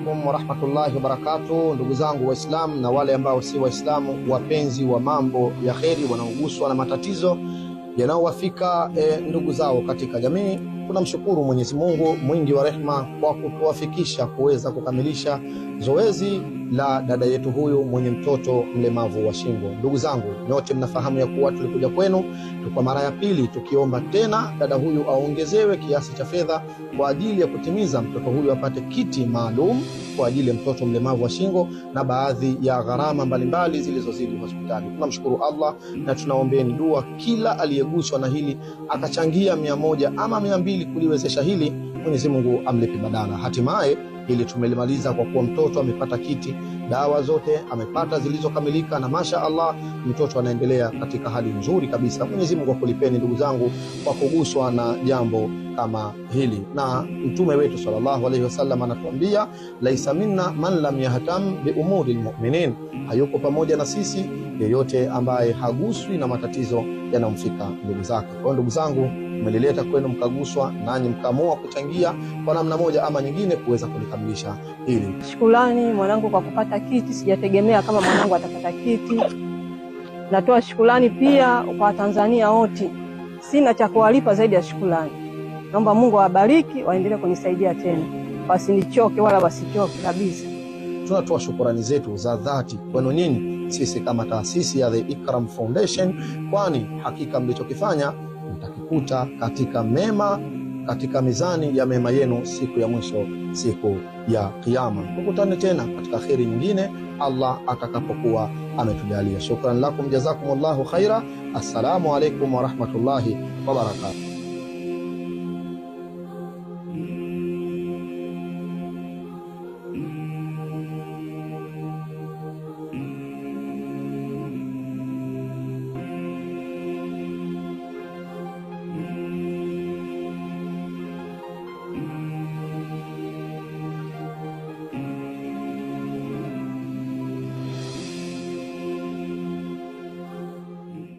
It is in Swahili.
alaikum warahmatullahi barakatuh ndugu zangu Waislamu na wale ambao si Waislamu, wapenzi wa mambo ya kheri, wanaoguswa na matatizo yanayowafika e, ndugu zao katika jamii. Tunamshukuru Mwenyezi Mungu mwingi wa rehma kwa kutuwafikisha kuweza kukamilisha zoezi la dada yetu huyu mwenye mtoto mlemavu wa shingo. Ndugu zangu nyote, mnafahamu ya kuwa tulikuja kwenu kwa mara ya pili tukiomba tena dada huyu aongezewe kiasi cha fedha kwa ajili ya kutimiza mtoto huyu apate kiti maalum kwa ajili ya mtoto mlemavu wa shingo na baadhi ya gharama mbalimbali zilizozidi hospitali. Tunamshukuru Allah na tunaombeni dua kila aliyeguswa na hili akachangia mia moja ama mia mbili kuliwezesha hili, Mwenyezi Mungu amlipe badala hatimaye Hili tumelimaliza kwa kuwa mtoto amepata kiti, dawa zote amepata zilizokamilika, na masha Allah mtoto anaendelea katika hali nzuri kabisa. Mwenyezi Mungu akulipeni ndugu zangu kwa kuguswa na jambo kama hili, na mtume wetu sallallahu alaihi wasallam anatuambia, laisa minna man lam yahtam bi umuri lmuminin, hayuko pamoja na sisi yeyote ambaye haguswi na matatizo yanayomfika ndugu zake. Kwa ndugu zangu mmelileta kwenu, mkaguswa nanyi mkaamua kuchangia kwa namna moja ama nyingine kuweza kulikamilisha hili. Shukrani mwanangu kwa kupata kiti, sijategemea kama mwanangu atapata kiti. Natoa shukrani pia kwa tanzania wote, sina cha kuwalipa zaidi ya shukrani. Naomba Mungu awabariki, waendelee kunisaidia tena, wasinichoke wala wasichoke kabisa. Tunatoa shukurani zetu za dhati kwenu nyinyi, sisi kama taasisi ya The Ikram Foundation, kwani hakika mlichokifanya mtakikuta katika mema, katika mizani ya mema yenu siku ya mwisho, siku ya Kiyama. Tukutane tena katika kheri nyingine Allah atakapokuwa ametujalia. Shukran lakum jazakumullahu khaira. Assalamu alaikum warahmatullahi wabarakatuh.